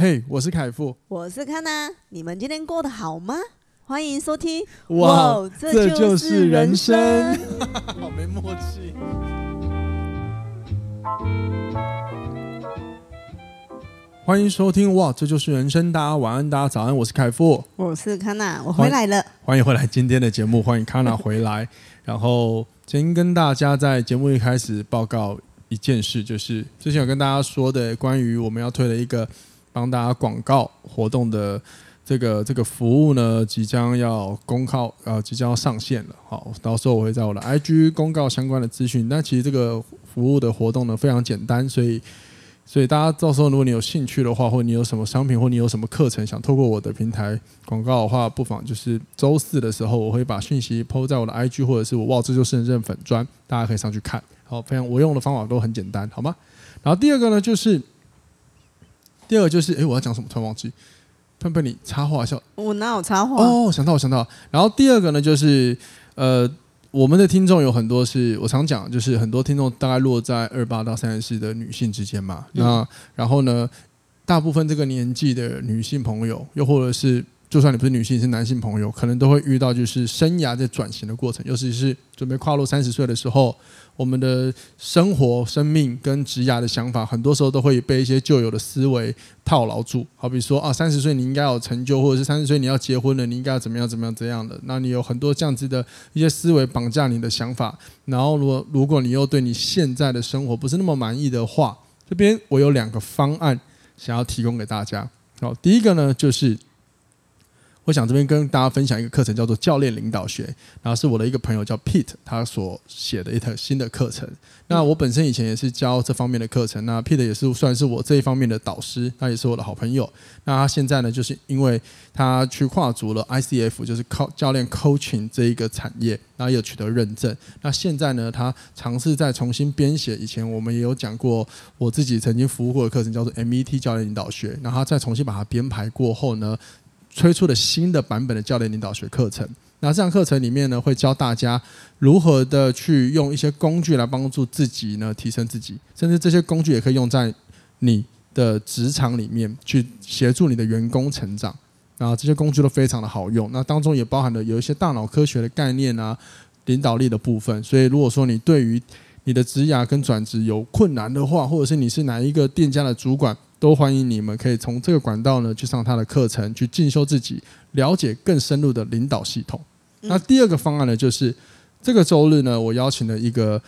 嘿，hey, 我是楷富，我是 Kana。你們今天過得好嗎？歡迎收聽哇，這就是人生。啊，好沒默契。歡迎收聽哇，這就是人生。大家晚安，大家早安，我是楷富，我是 Kana。我回來了歡，歡迎回來今天的節目，歡迎 Kana 回來。 然後先跟大家在節目一開始報告一件事，就是之前有跟大家說的關於我們要推的一個。幫大家廣告活動的這個這個服務呢，即將要公告，呃，即將要上線了。好，到時候我會在我的 IG 公告相關的資訊。那其實這個服務的活動呢非常簡單，所以所以大家到時候如果你有興趣的話，或你有什麼商品，或你有什麼課程想透過我的平台廣告的話，不妨就是周四的時候，我會把信息 PO 在我的 IG，或者是我哇這就是人生粉專，大家可以上去看，好，非常我用的方法都很簡單，好嗎？然後第二個呢就是。第二個就是，誒，我要講什麼？突然忘記。噴噴，你插話笑，我哪有插話？哦，oh, 想到，我想到。然後第二個呢，就是，呃，我們的聽眾有很多是，我常講，就是很多聽眾大概落在二八到三十四的女性之間嘛。嗯、那然後呢，大部分這個年紀的女性朋友，又或者是就算你不是女性，是男性朋友，可能都會遇到，就是生涯在轉型的過程，尤、就、其是準備跨入三十歲的時候。我們的生活、生命跟職涯的想法，很多時候都會被一些舊有的思維套牢住。好比說啊，三十歲你應該要有成就，或者是三十歲你要結婚了，你應該要怎麼樣、怎麼樣、怎樣的。那你有很多這樣子的一些思維綁架你的想法。然後，如果如果你又對你現在的生活不是那麼滿意的話，這邊我有兩個方案想要提供給大家。好，第一個呢就是。我想這邊跟大家分享一個課程，叫做《教練領導學》，然後是我的一個朋友叫 Pitt，他所寫的一套新的課程。那我本身以前也是教這方面的課程，那 Pitt 也是算是我這一方面的導師，他也是我的好朋友。那他現在呢，就是因為他去跨足了 ICF，就是靠教練 coaching 這一個產業，然後也取得認證。那現在呢，他嘗試再重新編寫以前我們也有講過我自己曾經服務過的課程，叫做 MET 教練領導學。然後他再重新把它編排過後呢，推出了新的版本的教練領導學課程。那這堂課程裡面呢，會教大家如何的去用一些工具來幫助自己呢，提升自己，甚至這些工具也可以用在你的職場裡面，去協助你的員工成長。然後這些工具都非常的好用。那當中也包含了有一些大腦科學的概念呢，啊，領導力的部分。所以如果說你對於你的職涯跟轉職有困難的話，或者是你是哪一個店家的主管，都歡迎你們可以從這個管道呢去上他的課程，去進修自己，了解更深入的領導系統。嗯、那第二個方案呢，就是這個周日呢，我邀請了一個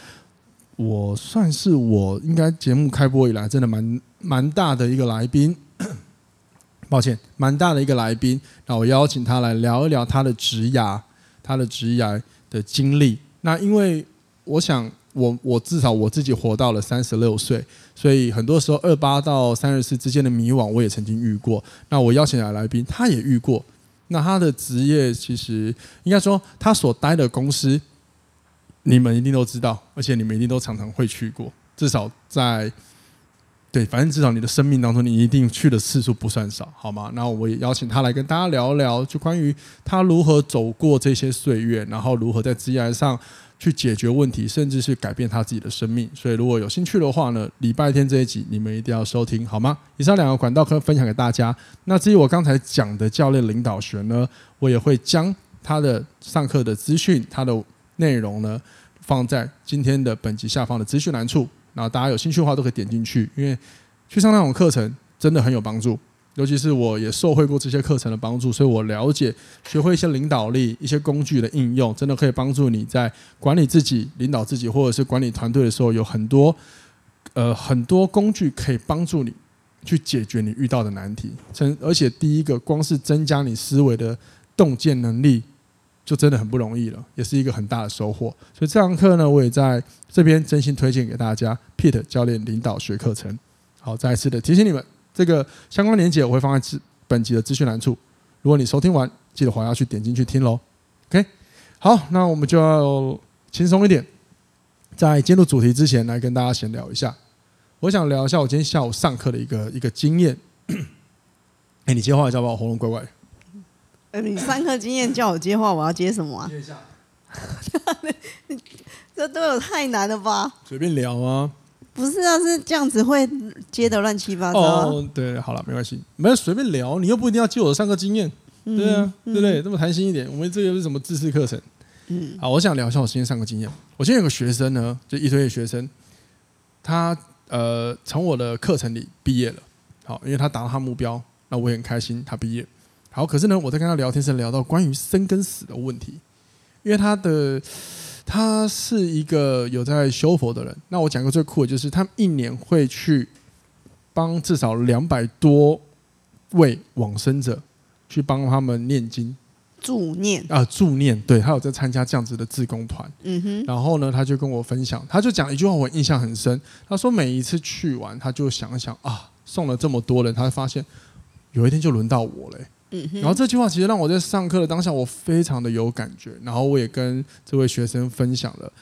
我算是我應該節目開播以來真的蠻蠻大的一個來賓， 抱歉，蠻大的一個來賓。那我邀請他來聊一聊他的職涯，他的職涯的經歷。那因為我想。我我至少我自己活到了三十六歲，所以很多時候二八到三十四之間的迷惘，我也曾經遇過。那我邀請來的來賓，他也遇過。那他的職業其實應該說，他所待的公司，你們一定都知道，而且你們一定都常常會去過。至少在對，反正至少你的生命當中，你一定去的次數不算少，好嗎？那我也邀請他來跟大家聊聊，就關於他如何走過這些歲月，然後如何在職業上。去解決問題，甚至是改變他自己的生命。所以，如果有興趣的話呢，禮拜天這一集你們一定要收聽，好嗎？以上兩個管道可以分享給大家。那至於我剛才講的教練領導學呢，我也會將他的上課的資訊、他的內容呢，放在今天的本集下方的資訊欄處。然後大家有興趣的話，都可以點進去，因為去上那種課程真的很有幫助。尤其是我也受惠過這些課程的幫助，所以我了解學會一些領導力、一些工具的應用，真的可以幫助你在管理自己、領導自己，或者是管理團隊的時候，有很多呃很多工具可以幫助你去解決你遇到的難題。而且第一個，光是增加你思維的洞見能力，就真的很不容易了，也是一個很大的收穫。所以這堂課呢，我也在這邊真心推薦給大家，Pitt 教練領導學課程。好，再一次的提醒你們。這個相關連結我會放在本集的資訊欄處，如果你收聽完，記得還要去點進去聽嘍。OK，好，那我們就要輕鬆一點，在進入主題之前，來跟大家閒聊一下。我想聊一下我今天下午上課的一個一個經驗。哎、 欸，你接話一下吧，我喉嚨怪怪。你上課經驗叫我接話，我要接什麼啊？ 這對我太難了吧？隨便聊啊。不是啊，是這樣子會接得亂七八糟、啊。Oh, 對，好了，沒關係，沒有隨便聊，你又不一定要接我的上課經驗。對啊，mm hmm. 對不對？這麼談心一點，我們這個是什麼知識課程？嗯、mm，hmm. 好，我想聊一下我今天上課經驗。我今天有一個學生呢，就一堆的學生，他呃從我的課程裡畢業了。好，因為他達到他目標，那我也很開心他畢業。好，可是呢，我在跟他聊天時聊到關於生跟死的問題，因為他的。他是一個有在修佛的人。那我講一個最酷的，就是他一年會去幫至少兩百多位往生者去幫他們念經，助念。啊、呃，助念，對，他有在參加這樣子的志工團。嗯哼。然後呢，他就跟我分享，他就講一句話，我印象很深。他說每一次去完，他就想一想啊，送了這麼多人，他發現有一天就輪到我了。然後這句話其實讓我在上課的當下，我非常的有感覺。然後我也跟這位學生分享了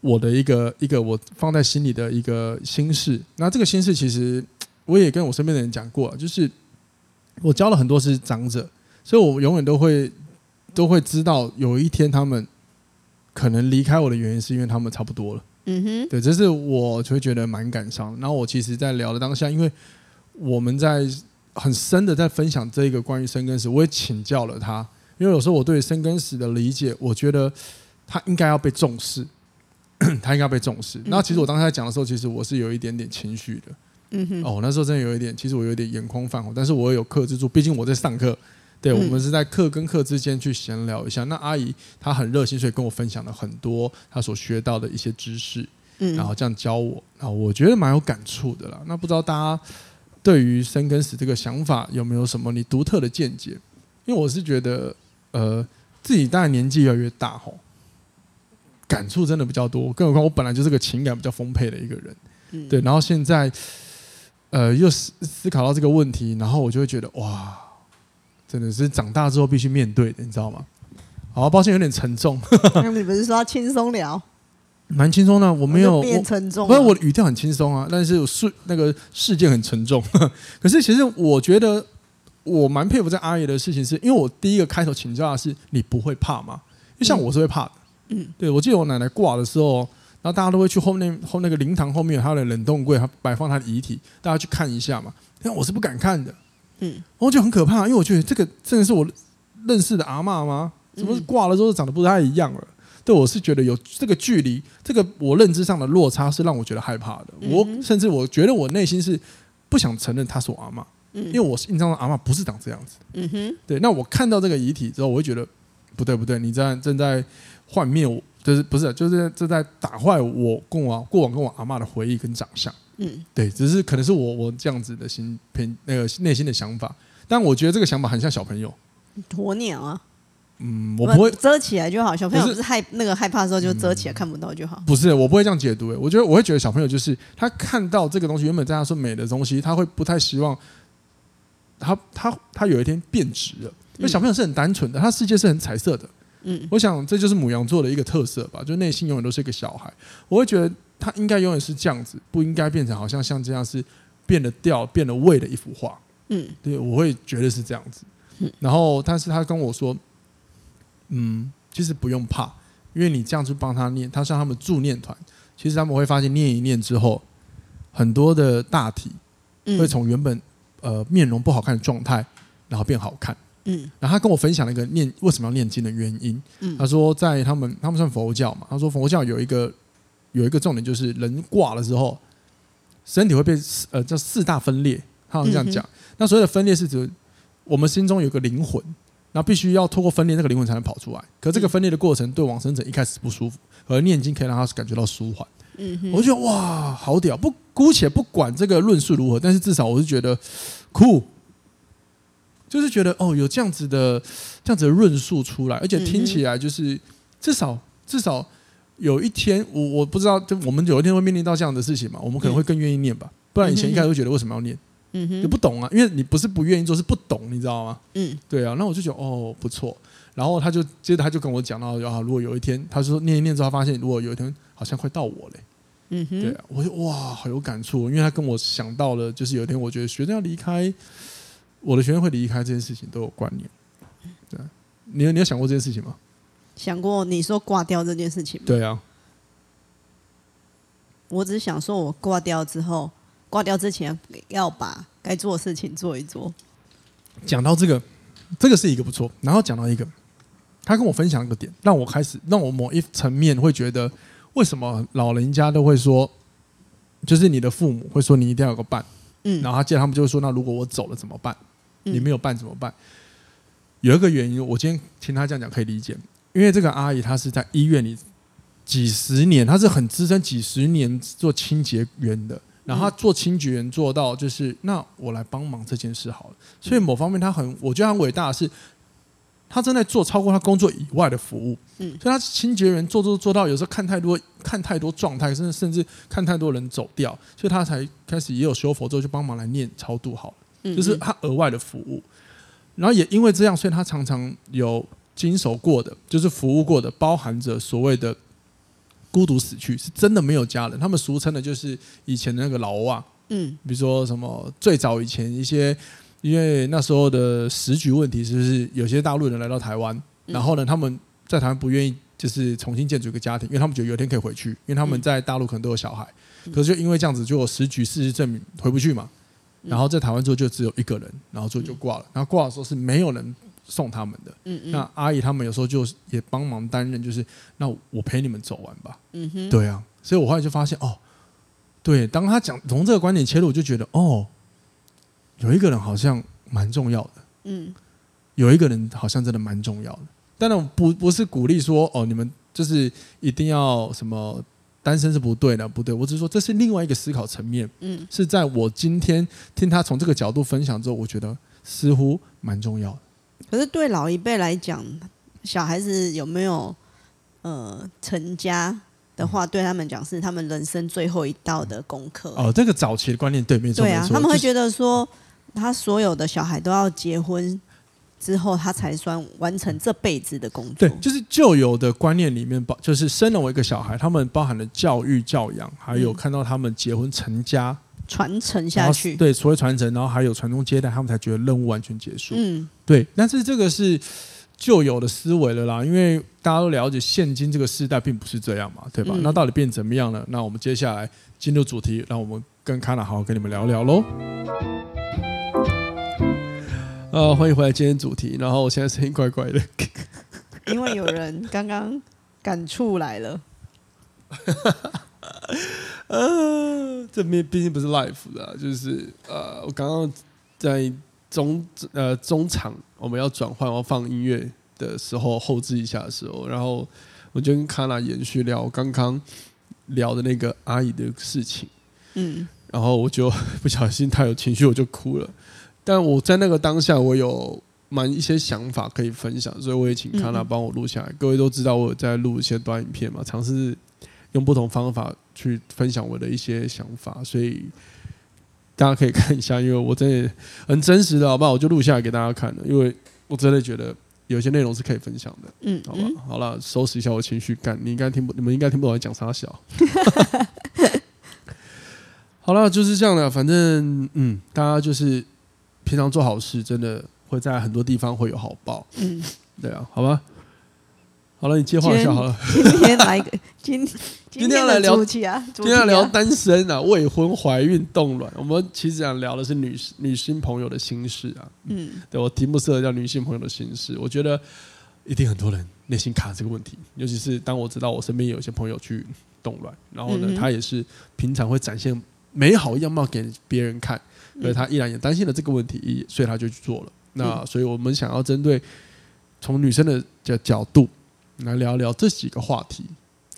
我的一個一個我放在心裡的一個心事。那這個心事其實我也跟我身邊的人講過，就是我教了很多是長者，所以我永遠都會都會知道有一天他們可能離開我的原因是因為他們差不多了。嗯哼，對，這是我就會覺得蠻感傷。然後我其實，在聊的當下，因為我們在。很深的在分享這一個關於生跟死，我也請教了他，因為有時候我對生跟死的理解，我覺得他應該要被重視，他應該要被重視。嗯、哼那其實我當時在講的時候，其實我是有一點點情緒的，嗯哼，哦，oh, 那時候真的有一點，其實我有點眼眶泛紅，但是我也有克制住，畢竟我在上課，對，我們是在課跟課之間去閒聊一下。嗯、那阿姨她很熱心，所以跟我分享了很多她所學到的一些知識，嗯，然後這樣教我，然後我覺得蠻有感觸的啦。那不知道大家。對於生跟死這個想法，有沒有什麼你獨特的見解？因為我是覺得，呃，自己當然年紀越來越大，吼，感觸真的比較多。更何況我本來就是個情感比較豐沛的一個人，嗯、對。然後現在，呃，又思思考到這個問題，然後我就會覺得，哇，真的是長大之後必須面對的，你知道嗎？好、哦，抱歉，有點沉重。 你不是說要輕鬆聊？蠻輕鬆的，我沒有，變我不是我的語調很輕鬆啊，但是事那個事件很沉重啊，呵呵。可是其實我覺得我蠻佩服在阿姨的事情是，是因為我第一個開頭請教的是，你不會怕嗎？因為像我是會怕的，嗯，對，我記得我奶奶掛的時候，然後大家都會去後面後面那個靈堂後面，有她的冷凍櫃，她擺放她的遺體，大家去看一下嘛。因我是不敢看的，嗯，我就很可怕，因為我覺得，這個真的是我認識的阿嬤嗎？怎麼掛了之後長得不太一樣了？對，我是覺得有這個距離，這個我認知上的落差是讓我覺得害怕的。嗯、哼我甚至我覺得我內心是不想承認他是我阿嬤，嗯、因為我印象中的阿嬤不是長這樣子。嗯哼。對，那我看到這個遺體之後，我會覺得不對不對，你這樣正在幻滅我，就是不是，啊，就是正在打壞我過往過往跟我阿嬤的回憶跟長相。嗯。對，只是可能是我我這樣子的心偏，那個內心的想法，但我覺得這個想法很像小朋友鴕鳥啊。嗯，我不會遮起來就好。小朋友不是害是那個害怕的時候就遮起來、嗯、看不到就好。不是，我不會這樣解讀誒。我覺得我會覺得小朋友就是他看到這個東西原本在他說美的東西，他會不太希望他他他有一天變質了。嗯、因為小朋友是很單純的，他世界是很彩色的。嗯，我想這就是牡羊座的一個特色吧，就內心永遠都是一個小孩。我會覺得他應該永遠是這樣子，不應該變成好像像這樣是變了調變了味的一幅畫。嗯，對，我會覺得是這樣子。嗯、然後，但是他跟我說。嗯，其實不用怕，因為你這樣去幫他念，他像他們助念團，其實他們會發現念一念之後，很多的大體會從原本、嗯、呃面容不好看的狀態，然後變好看。嗯，然後他跟我分享了一個念為什麼要念經的原因。嗯，他說在他們他們算佛教嘛，他說佛教有一個有一個重點就是人掛了之後，身體會被呃叫四大分裂，他們這樣講。嗯、哼那所謂的分裂是指我們心中有一個靈魂。那必須要透過分裂，這個靈魂才能跑出來，可是這個分裂的過程對往生者一開始不舒服，而念經可以讓他感覺到舒緩。嗯哼，我就覺得哇，好屌！不姑且不管這個論述如何，但是至少我是覺得酷，就是覺得哦，有這樣子的這樣子的論述出來，而且聽起來就是，嗯哼，至少至少有一天，我我不知道，就我們有一天會面臨到這樣的事情嘛？我們可能會更願意念吧，不然以前一開始會覺得為什麼要念？嗯哼，就不懂啊，因為你不是不願意做，是不懂，你知道嗎？嗯，對啊，那我就覺得哦不錯，然後他就接着他就跟我講到啊，如果有一天，他說念一念之後發現，如果有一天好像快到我嘞，嗯哼，對啊，我就哇好有感觸，因為他跟我想到了，就是有一天我覺得學生要離開，我的學生會離開這件事情都有關聯，對啊，你有，你有想過這件事情嗎？想過你說掛掉這件事情嗎？對啊，我只是想說，我掛掉之後。掛掉之前要把該做的事情做一做。講到這個，這個是一個不錯。然後講到一個，他跟我分享一個點，讓我開始讓我某一層面會覺得，為什麼老人家都會說，就是你的父母會說你一定要有個伴。嗯，然後他接着他們就會說，那如果我走了怎麼辦？你沒有伴怎麼辦？嗯，有一個原因，我今天聽他這樣講可以理解，因為這個阿姨她是在醫院裡幾十年，她是很資深幾十年做清潔員的。然後他做清潔員做到就是，那我來幫忙這件事好了。所以某方面他很，我覺得很偉大的是，他正在做超過他工作以外的服務。嗯，所以他清潔員做做做到，有時候看太多看太多狀態，甚至甚至看太多人走掉，所以他才開始也有修佛之後就幫忙來念超度好了。就是他額外的服務。然後也因為這樣，所以他常常有經手過的，就是服務過的，包含着所謂的。孤獨死去是真的沒有家人，他們俗稱的就是以前的那個老啊。嗯，比如說什麼最早以前一些，因為那時候的時局問題，是不是有些大陸人來到台灣？嗯、然後呢，他們在台灣不願意就是重新建築一個家庭，因為他們覺得有一天可以回去，因為他們在大陸可能都有小孩，嗯、可是就因為這樣子，就有時局事實證明回不去嘛，然後在台灣之後就只有一個人，然後最後就掛了，然後掛的時候是沒有人送他們的。嗯嗯，那阿姨他們有時候就也幫忙擔任，就是那我陪你們走完吧。嗯哼，對啊，所以我後來就發現哦，對，當他講從這個觀點切入，我就覺得哦，有一個人好像蠻重要的，嗯，有一個人好像真的蠻重要的。但我不不是鼓勵說哦，你們就是一定要什麼單身是不對的，不對，我只是說這是另外一個思考層面，嗯，是在我今天聽他從這個角度分享之後，我覺得似乎蠻重要的。可是對老一輩來講，小孩子有沒有呃成家的話，對他們講是他們人生最後一道的功課哦。這個早期的觀念對沒錯，對啊，他們會覺得說，就是、他所有的小孩都要結婚之後，他才算完成這輩子的工作。對，就是舊有的觀念裡面包，就是生了我一個小孩，他們包含了教育、教養，還有看到他們結婚成家。嗯傳承下去，對，所了傳承，然後還有傳宗接代，他們才覺得任務完全結束。嗯，對。但是這個是舊有的思維了啦，因為大家都了解，現今這個時代並不是這樣嘛，對吧？嗯、那到底變怎麼樣呢？那我們接下來進入主題，讓我們跟 k 娜好好跟你們聊聊嘍。啊、嗯呃，歡迎回來，今天主題。然後我現在聲音怪怪的，因為有人剛剛感觸來了。 呃、啊，這並畢竟不是 live 的，啊，就是呃、啊，我剛剛在中呃中場我們要轉換，要放音樂的時候後製，一下的時候，然後我就跟卡娜，延續聊我剛剛聊的那個阿姨的事情，嗯，然後我就不小心太有情緒，我就哭了。但我在那個當下，我有蠻一些想法可以分享，所以我也請卡娜幫我錄下來。嗯、哼各位都知道我有在錄一些短影片嘛，嘗試用不同方法。去分享我的一些想法，所以大家可以看一下，因為我真的很真實的，好不好？我就錄下來給大家看了，因為我真的覺得有些內容是可以分享的。嗯，嗯，好吧，好了，收拾一下我情緒，幹！你應該聽不，你們應該聽不懂我講啥小笑。 好了，就是這樣的，反正嗯，大家就是平常做好事，真的會在很多地方會有好報。嗯，對啊，好吧。好了，你接話一下好了。了今天來個，今今天要來聊今天聊單身啊，未婚懷孕、凍卵。我們其實想聊的是女女性朋友的心事啊。嗯，對，我題目適合叫女性朋友的心事。我覺得一定很多人內心卡這個問題，尤其是當我知道我身邊有一些朋友去凍卵，然後呢，她、嗯、哼也是平常會展現美好樣貌給別人看，嗯、所以她依然也擔心了這個問題，所以她就去做了。那、嗯、所以我們想要針對從女生的角角度，來聊聊這幾個話題。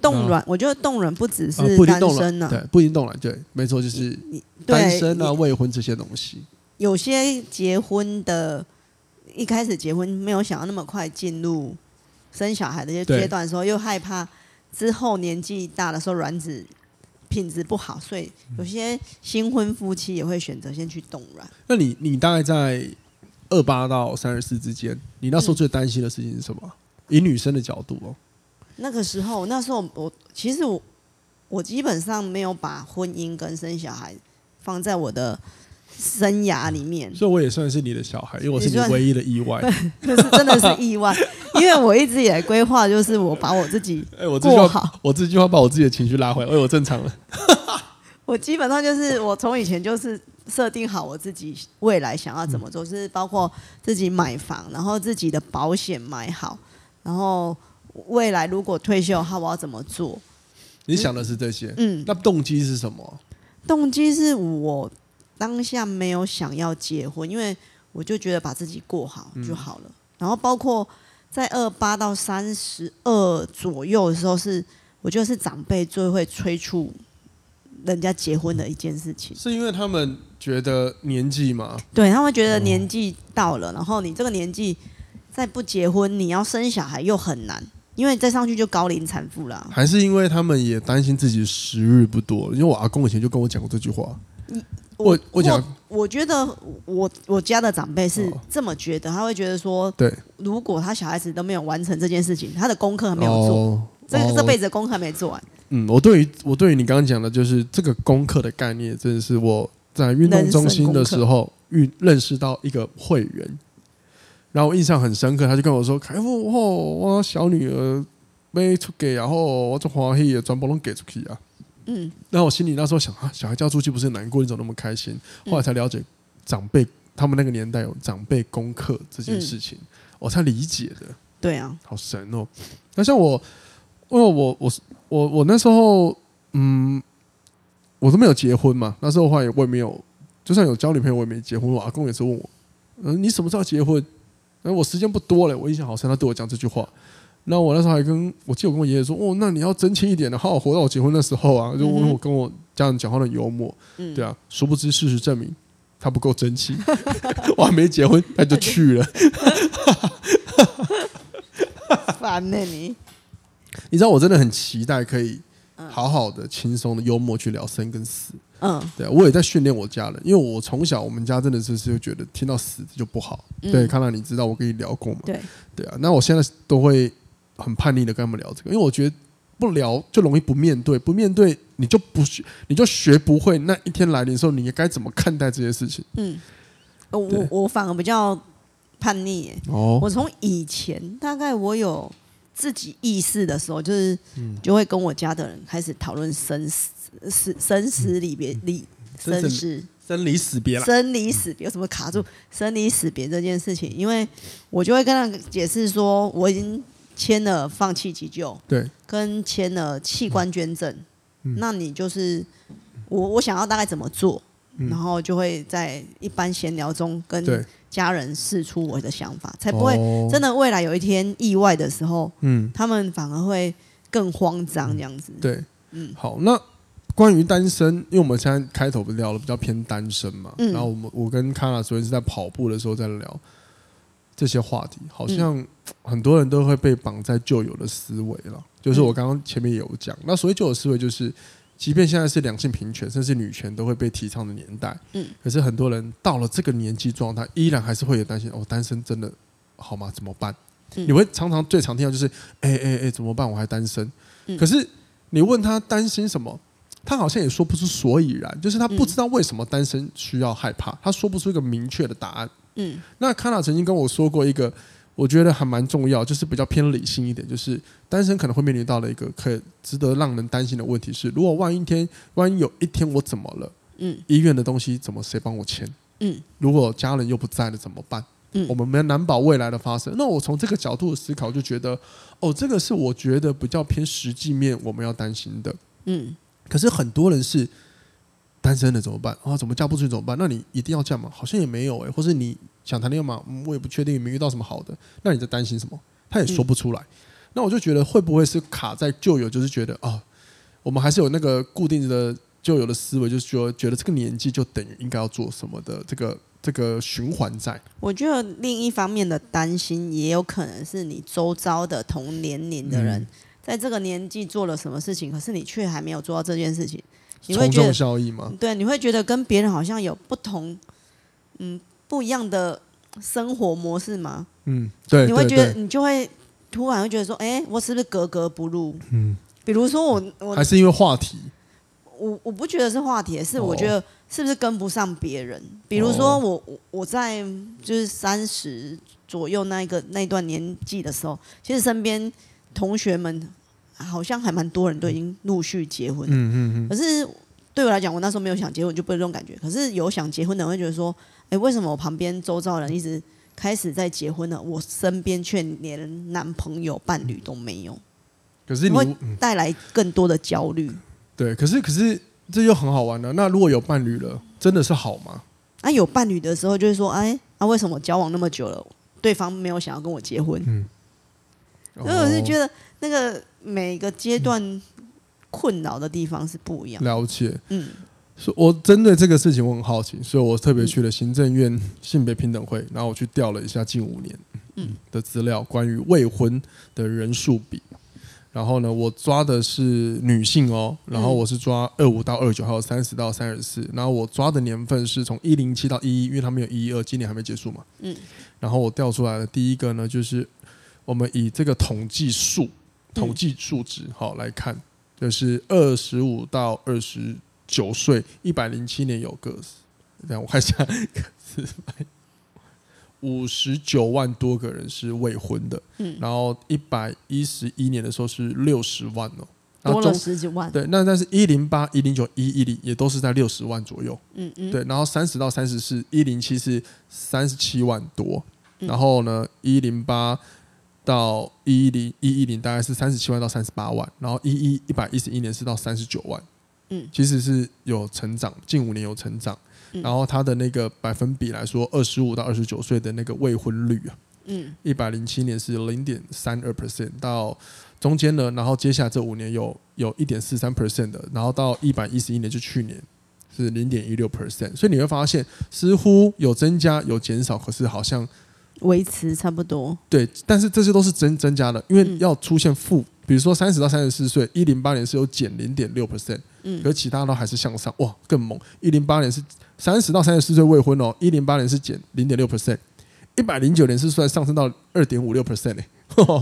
凍卵軟，那我覺得凍卵不只是單身了，啊呃，對，不一定凍卵，對，沒錯，就是單身啊、未婚這些東西。有些結婚的，一開始結婚沒有想要那麼快進入生小孩的階階段的時候對又害怕之後年紀大的時候卵子品質不好，所以有些新婚夫妻也會選擇先去凍卵。那你你大概在二八到三十四之間，你那時候最擔心的事情是什麼？嗯以女生的角度哦，那個時候，那時候我其實我我基本上沒有把婚姻跟生小孩放在我的生涯裡面，所以我也算是你的小孩，因為我是你唯一的意外，可是真的是意外， 因為我一直以來規劃，就是我把我自己過好，欸我這句話，我這句話把我自己的情緒拉回來，欸，我正常了。 我基本上就是我從以前就是設定好我自己未來想要怎麼做，嗯、就是包括自己買房，然後自己的保險買好。然後未來如果退休，的話我要怎麼做？你想的是這些，嗯，嗯那動機是什麼、啊？動機是我當下沒有想要結婚，因為我就覺得把自己過好就好了。嗯、然後包括在二八到三十二左右的時候是，是我覺得是長輩最會催促人家結婚的一件事情，是因為他們覺得年紀嘛？對，他們覺得年紀到了，嗯、然後你這個年紀。再不結婚，你要生小孩又很難，因為再上去就高齡產婦了、啊。還是因為他們也擔心自己時日不多，因為我阿公以前就跟我講過這句話。我我講，我覺得我我家的長輩是這麼覺得，哦、他會覺得說，對，如果他小孩子都沒有完成這件事情，他的功課還沒有做，哦、這、哦、這輩子功課還沒做完。嗯，我對於我對於你剛剛講的，就是這個功課的概念，真的是我在運動中心的時候遇認識到一個會員。然後我印象很深刻，他就跟我說：“楷富，我小女兒沒出嫁，然後我這花也轉不能給出去啊。”嗯，然後我心裡那時候想啊，小孩嫁出去不是難過，你怎麼那麼開心？嗯、後來才了解長輩他們那個年代有長輩功課這件事情，嗯、我才理解的。對啊，好神哦！那像我，哦，因為我我我我那時候嗯，我都沒有結婚嘛，那時候的話也我也沒有，就算有交女朋友，我也沒結婚。我阿公也是問我：“嗯，你什麼時候結婚？”那我時間不多了，我印象好深他對我講這句話。那我那時候還跟我記得我跟我爺爺說：“哦，那你要爭氣一點的，然後好好活到我結婚的時候啊。”就問我跟我家人講話很幽默，嗯、對啊。殊不知事實證明他不夠爭氣， 我還沒結婚他就去了。煩呢你？你知道我真的很期待可以好好的、輕鬆、嗯、的、幽默去聊生跟死。嗯，對、啊，我也在訓練我家人，因為我從小我們家真的是是就覺得聽到死就不好。嗯、對，Kana 你知道我跟你聊過嘛？對，對啊。那我現在都會很叛逆的跟他們聊這個，因為我覺得不聊就容易不面對，不面對你就不學，你就學不會那一天來臨的時候，你該怎麼看待這些事情。嗯，我對我反而比較叛逆、欸。哦，我從以前大概我有自己意識的時候，就是、嗯、就會跟我家的人開始討論生死。生死、生離死別、離生死，生離死別、生離死有什麼卡住？生離死別這件事情，因為我就會跟他解釋說，我已經簽了放棄急救，對，跟簽了器官捐贈。嗯、那你就是我，我想要大概怎麼做，嗯、然後就會在一般閒聊中跟家人試出我的想法，才不會、哦、真的未來有一天意外的時候，嗯，他們反而會更慌張這樣子。嗯、對，嗯，好，那。關於單身，因為我們現在開頭聊的比較偏單身嘛，嗯、然後我們我跟 Kana，所以是在跑步的時候在聊這些話題，好像很多人都會被綁在舊有的思維了。嗯、就是我剛剛前面也有講，嗯、那所謂舊有思維，就是即便現在是兩性平權，甚至女權都會被提倡的年代，嗯、可是很多人到了這個年紀狀態，依然還是會有擔心哦，單身真的好嗎？怎麼辦？嗯、你會常常最常聽到就是哎哎哎，怎麼辦？我還單身？嗯、可是你問他擔心什麼？他好像也說不出所以然，就是他不知道為什麼單身需要害怕，嗯、他說不出一個明確的答案。嗯，那卡納曾經跟我說過一個，我覺得還蠻重要，就是比較偏理性一點，就是單身可能會面臨到的一個可以值得讓人擔心的問題是：如果萬一天，萬一有一天我怎麼了？嗯，醫院的東西怎麼誰幫我簽？嗯，如果家人又不在了怎麼辦？嗯，我們沒有難保未來的發生。那我從這個角度思考，就覺得哦，這個是我覺得比較偏實際面我們要擔心的。嗯。可是很多人是單身的，怎麼辦啊？怎麼嫁不出去怎麼辦？那你一定要嫁嗎？好像也沒有哎、欸，或是你想談戀愛嗎、嗯？我也不確定，沒遇到什麼好的。那你在擔心什麼？他也說不出來。嗯、那我就覺得會不會是卡在舊有，就是覺得啊，我們還是有那個固定的舊有的思維，就是說覺得這個年紀就等於應該要做什麼的這個這個循環在。我覺得另一方面的擔心，也有可能是你周遭的同年齡的人、嗯。在這個年紀做了什麼事情，可是你卻還沒有做到這件事情，你會覺得對，你會覺得跟別人好像有不同，嗯，不一樣的生活模式嗎？嗯，對，你會覺得對對對，你就會突然會覺得說，哎、欸，我是不是格格不入？嗯，比如說我我還是因為話題，我我不覺得是話題，是我覺得是不是跟不上別人？哦、比如說我我我在就是三十左右那一個那一段年紀的時候，其實身邊同學們。好像還蠻多人都已經陸續結婚，嗯，嗯，嗯，嗯，可是對我來講，我那時候沒有想結婚，就不是這種感覺。可是有想結婚的，會覺得說：哎、欸，為什麼我旁邊周遭人一直開始在結婚呢？我身邊卻連男朋友、伴侶都沒有。可是你、嗯、會帶來更多的焦慮。對，可是可是這又很好玩呢。那如果有伴侶了，真的是好嗎？那、啊、有伴侶的時候，就是說：哎、欸，那、啊、為什麼交往那麼久了，對方沒有想要跟我結婚？嗯，所以我是覺得、哦、那個。每個階段困擾的地方是不一樣的。了解，嗯，所以我針對這個事情，我很好奇，所以我特別去了行政院性別平等會，然後我去調了一下近五年的資料，關於未婚的人數比。然後呢，我抓的是女性哦，然後我是抓二五到二九，還有三十到三十四。然後我抓的年份是從一零七到一一，因為他們有一一二，今年還沒結束嘛，嗯。然後我調出來的第一個呢，就是我們以這個統計數。嗯、統計數值好來看，就是二十五到二十九歲，一百零七年有個子，讓我看一下，個子五十九萬多個人是未婚的，嗯，然後一百一十一年的時候是六十萬哦，就是、多了十幾萬，對，那但是，一零八、一零九、一一零也都是在六十萬左右，嗯嗯，對，然後三十到三十四，一零七是三十七萬多，然後呢，一零八。到一一零一一零大概是三十七萬到三十八萬，然後一一一百一十一年是到三十九萬，嗯，其實是有成長，近五年有成長，嗯，然後他的那個百分比來說，二十五到二十九歲的那個未婚率啊，嗯，一百零七年是零點三二 percent，到中間呢，然後接下來這五年有有一點四三 percent 的，然後到一百一十一年就去年是零點一六 percent，所以你會發現似乎有增加有減少，可是好像，維持差不多，對，但是這些都是增增加的，因為要出現負，嗯，比如說三十到三十四歲，一零八年是有減零點六 percent，嗯，可是其他都還是向上，哇，更猛，一零八年是三十到三十四歲未婚哦，一零八年是減零點六 percent，一百零九年是算上升到二點五六 percent 嘞，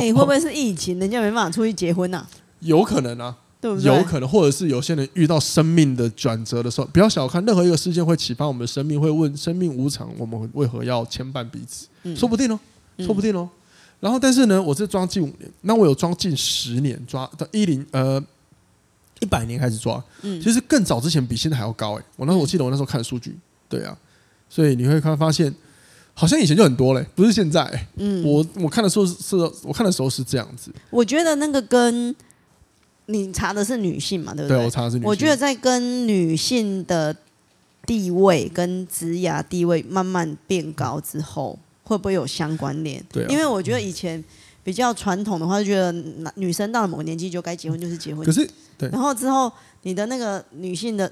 欸，會不會是疫情，人家沒辦法出去結婚啊？有可能啊。對對有可能，或者是有些人遇到生命的轉折的時候，不要小看任何一個事件會啟發我們的生命，會問生命無常，我們為何要牽絆彼此？嗯、說不定哦，說不定哦。嗯、然後，但是呢，我這抓近五年，那我有抓近十年，抓到一零呃一百年開始抓。嗯，其實更早之前比現在還要高哎。我那時候我記得我那時候看的數據，對啊，所以你會看發現，好像以前就很多嘞，不是現在。嗯，我我看的時候是，我看的時候是這樣子。我覺得那個跟。你查的是女性嘛？對不對？對，我查的是女性。我覺得在跟女性的地位跟職涯地位慢慢變高之後，會不會有相關聯？對啊，因為我覺得以前比較傳統的話，就覺得女女生到了某個年紀就該結婚，就是結婚。可是，對。然後之後你的那個女性的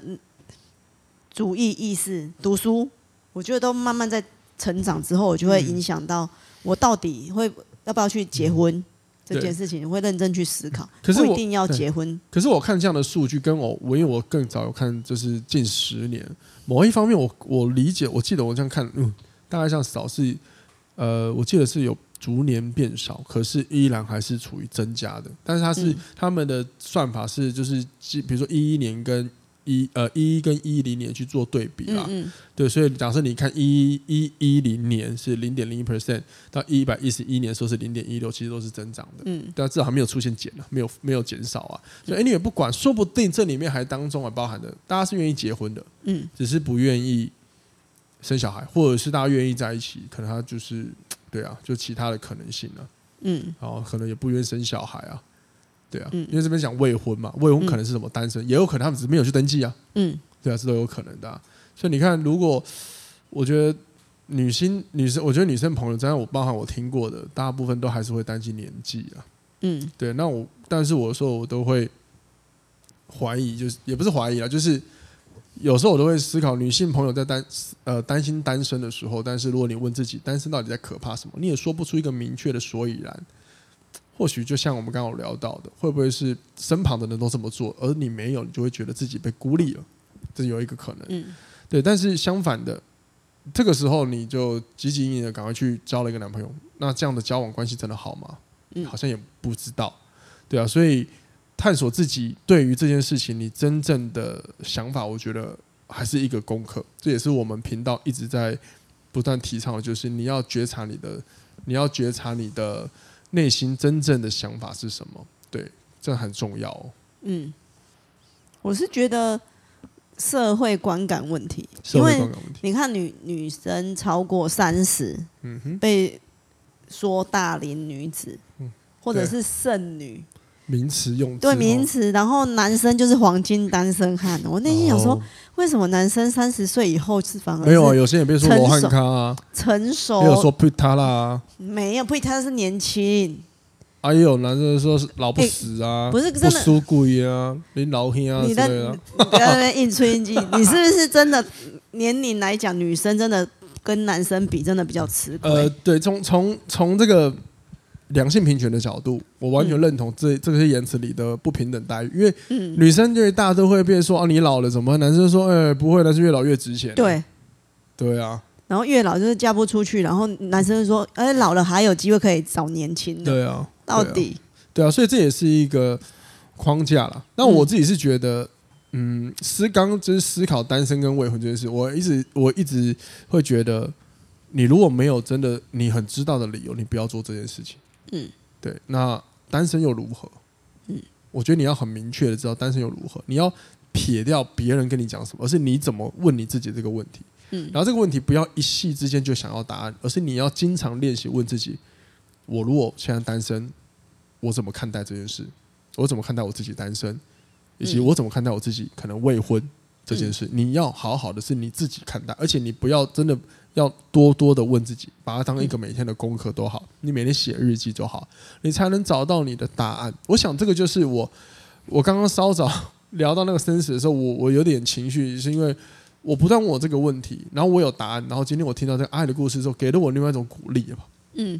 主義意識、讀書，我覺得都慢慢在成長之後，我就會影響到我到底會要不要去結婚。嗯這件事情對，你會認真去思考，可是我不一定要結婚。可是我看這樣的數據，跟我我因為我更早有看，就是近十年某一方面我，我我理解，我記得我這樣看，嗯，大概上少是呃，我記得是有逐年變少，可是依然還是處於增加的。但是他是、嗯、他們的算法是就是，比如說一一年跟。一呃，一跟一零年去做對比啊。嗯嗯、對，所以假設你看一一一零年是零點零一 percent，到一百一十一年說是零點一六，其實都是增長的，嗯,嗯，但至少還沒有出現減、啊、沒有沒有減少啊。嗯嗯所以你也不管，說不定這裡面還當中還包含的，大家是願意結婚的，嗯,嗯，只是不願意生小孩，或者是大家願意在一起，可能他就是對啊，就其他的可能性了、啊。嗯,嗯，然後可能也不願生小孩啊。對啊，嗯、因為這邊講未婚嘛，未婚可能是什麼、嗯、單身，也有可能他們只是沒有去登記啊。嗯，對啊，這都有可能的、啊。所以你看，如果我覺得女性、女生，我覺得女生朋友，在我包含我聽過的，大部分都還是會擔心年紀啊。嗯，對，那我，但是我說我都會懷疑，就是也不是懷疑啊，就是有時候我都會思考，女性朋友在擔呃擔心單身的時候，但是如果你問自己，單身到底在可怕什麼，你也說不出一個明確的所以然。或許就像我們剛剛聊到的，會不會是身旁的人都這麼做，而你沒有，你就會覺得自己被孤立了，這有一個可能。嗯、對。但是相反的，這個時候你就汲汲營營的趕快去交了一個男朋友，那這樣的交往關係真的好嗎？嗯、好像也不知道。對啊，所以探索自己對於這件事情你真正的想法，我覺得還是一個功課。這也是我們頻道一直在不斷提倡的，就是你要覺察你的，你要覺察你的。內心真正的想法是什麼？對，這很重要哦。嗯，我是覺得社會觀感問題，因為你看女女生超過三十，嗯哼，被說大齡女子，嗯，或者是剩女。名詞用、哦、對名詞，然後男生就是黃金單身漢。我內心想說，哦、為什麼男生三十歲以後是反而是沒有啊？有些人別說羅漢腳啊，成熟，沒有說不他啦，沒有不他，是年輕。哎呦、啊，男生說是老不死啊，欸、不是真的不輸鬼啊，你老兄啊，你的對啊，對，別在那邊硬吹硬氣， 你是不是真的年齡來講，女生真的跟男生比，真的比較吃虧？呃，對，從從從這個。兩性平權的角度，我完全認同這、嗯、這些言辭裡的不平等待遇，因為女生對大家都會變說啊，你老了怎麼？男生說，誒、欸，不會但是越老越值錢、啊。對，對啊。然後越老就是嫁不出去，然後男生說，誒、欸，老了還有機會可以找年輕的。對啊，到底對啊，對啊，所以這也是一個框架了。那我自己是覺得，嗯，思剛、嗯、就是思考單身跟未婚這件事，我一直我一直會覺得，你如果沒有真的你很知道的理由，你不要做這件事情。嗯，對，那單身又如何？嗯，我覺得你要很明確的知道單身又如何，你要撇掉別人跟你講什麼，而是你怎麼問你自己這個問題。嗯，然後這個問題不要一夕之間就想要答案，而是你要經常練習問自己：我如果現在單身，我怎麼看待這件事？我怎麼看待我自己單身？以及我怎麼看待我自己可能未婚這件事？嗯，你要好好的是你自己看待，而且你不要真的。要多多的問自己，把它當一個每天的功課都好。你每天寫日記就好，你才能找到你的答案。我想這個就是我，我剛剛稍早聊到那個生死的時候，我我有點情緒，是因為我不斷問我這個問題，然後我有答案，然後今天我聽到這個愛、啊、的故事之後，給了我另外一種鼓勵吧。嗯，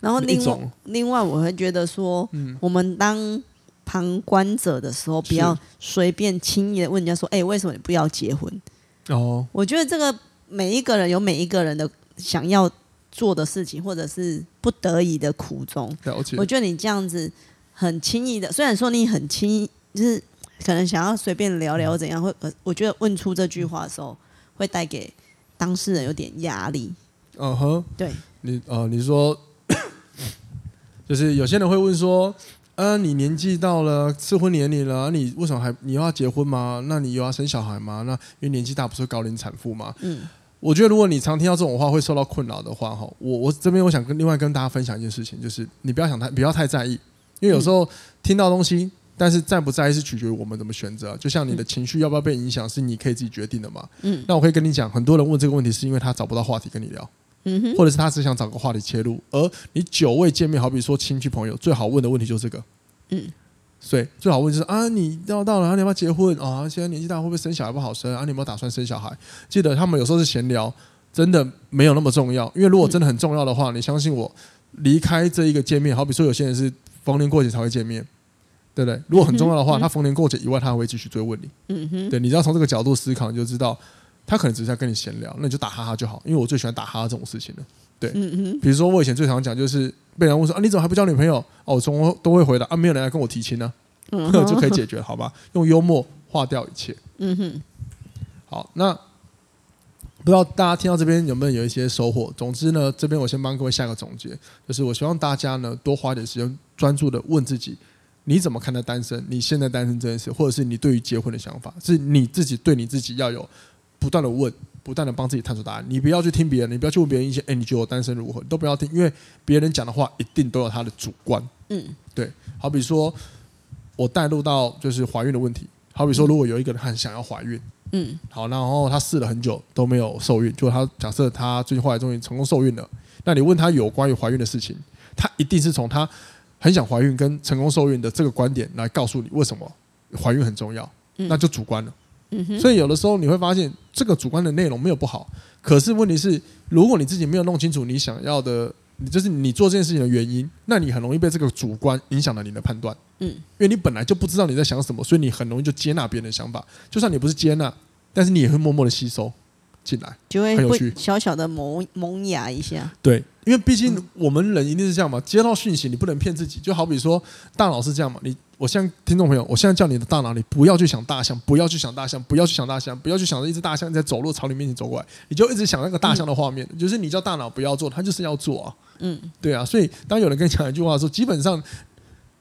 然後另外另外我會覺得說，嗯，我們當旁觀者的時候，是不要隨便輕易的問人家說，哎、欸，為什麼你不要結婚？哦，我覺得這個。每一個人有每一個人的想要做的事情，或者是不得已的苦衷。了解。我覺得你這樣子很輕易的，雖然說你很輕易，就是可能想要隨便聊聊怎樣，會，我覺得問出這句話的時候，嗯、會帶給當事人有點壓力。嗯哼、uh-huh, 對你，呃、uh，你說 就是有些人會問說。嗯、啊，你年紀到了，適婚年齡了，啊，你為什麼還，你要結婚嗎？那你又要生小孩嗎？那因為年紀大不是高齡產婦嗎？嗯，我覺得如果你常聽到這種話會受到困擾的話，哈，我我這邊我想跟另外跟大家分享一件事情，就是你不要想太不要太在意，因為有時候聽到東西，但是在不在意是取決於我們怎麼選擇。就像你的情緒要不要被影響，是你可以自己決定的嘛。嗯，那我可以跟你講，很多人問這個問題是因為他找不到話題跟你聊。或者是他只想找個話題切入，而你久未見面，好比說親戚朋友，最好問的問題就是這個，嗯，所以最好問就是啊，你要到了啊，你要不要結婚啊？現在年紀大會不會生小孩不好生啊？你有沒有打算生小孩？記得他們有時候是閒聊，真的沒有那麼重要，因為如果真的很重要的話，嗯、你相信我，離開這一個見面，好比說有些人是逢年過節才會見面，對不對？如果很重要的話，他逢年過節以外，他還會繼續追問你，嗯哼，對，你只要從這個角度思考，你就知道。他可能只是在跟你閒聊，那你就打哈哈就好，因為我最喜歡打哈哈這種事情了。對，嗯、哼比如說我以前最常講就是，被人問說啊，你怎麼還不交女朋友？哦、啊，我從都會回答啊，沒有人來跟我提親呢、啊，嗯、哼 就可以解決，好吧？用幽默化掉一切。嗯哼，好，那不知道大家聽到這邊有沒有有一些收穫？總之呢，這邊我先幫各位下個總結，就是我希望大家呢多花點時間專注地問自己，你怎麼看待單身？你現在單身這件事，或者是你對於結婚的想法，是你自己對你自己要有。不斷的問，不斷的幫自己探索答案。你不要去聽別人，你不要去問別人一些，哎，你覺得我單身如何？你都不要聽，因為別人講的話一定都有他的主觀。嗯，對。好比說，我帶入到就是懷孕的問題。好比說，如果有一個人很想要懷孕，嗯，好，然後他試了很久都沒有受孕，就他假設他最近後來終於成功受孕了，那你問他有關於懷孕的事情，他一定是從他很想懷孕跟成功受孕的這個觀點來告訴你為什麼懷孕很重要，嗯，那就主觀了。嗯、所以有的時候你會發現，這個主觀的內容沒有不好，可是問題是，如果你自己沒有弄清楚你想要的，你就是你做這件事情的原因，那你很容易被這個主觀影響了你的判斷。嗯，因為你本來就不知道你在想什麼，所以你很容易就接納別人的想法，就算你不是接納，但是你也會默默的吸收進來，就會 很有趣，小小的萌萌芽一下。對，因為畢竟我們人一定是這樣嘛，接到訊息你不能騙自己，就好比說大腦是這樣嘛，你。我現在聽眾朋友，我現在叫你的大腦裡，不要去想大象，不要去想大象，不要去想大象，不要去想着一只大象在走路朝你面前走過來，你就一直想那個大象的畫面，嗯、就是你叫大腦不要做，它就是要做啊。嗯，對啊，所以當有人跟你講一句話說，基本上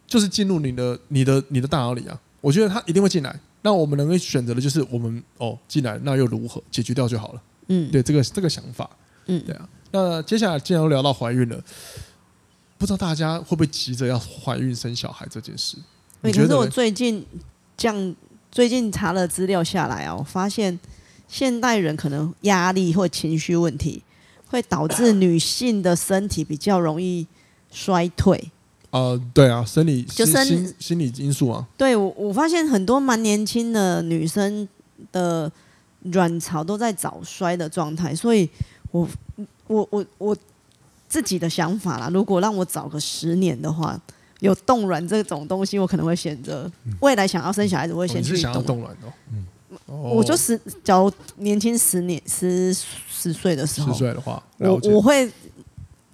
就是進入你的、你的、你的大腦裡啊。我覺得他一定會進來。那我們能夠選擇的就是我們哦進來，那又如何解決掉就好了？嗯，對，這個這個想法，嗯，對啊。那接下來既然都聊到懷孕了，不知道大家會不會急着要懷孕生小孩這件事？可是我最近，這樣最近查了資料下來啊，我發現現代人可能壓力或情緒問題會導致女性的身體比較容易衰退。呃，對啊，生理、心、心理因素啊。對，我我發現很多蠻年輕的女生的卵巢都在早衰的狀態，所以我我我我自己的想法啦，如果讓我早個十年的話。有凍卵這種東西，我可能會選擇未來想要生小孩子，我會先去凍卵。嗯、哦。哦嗯、我就是，假如年輕十年、十十歲的時候，十歲的話，我我會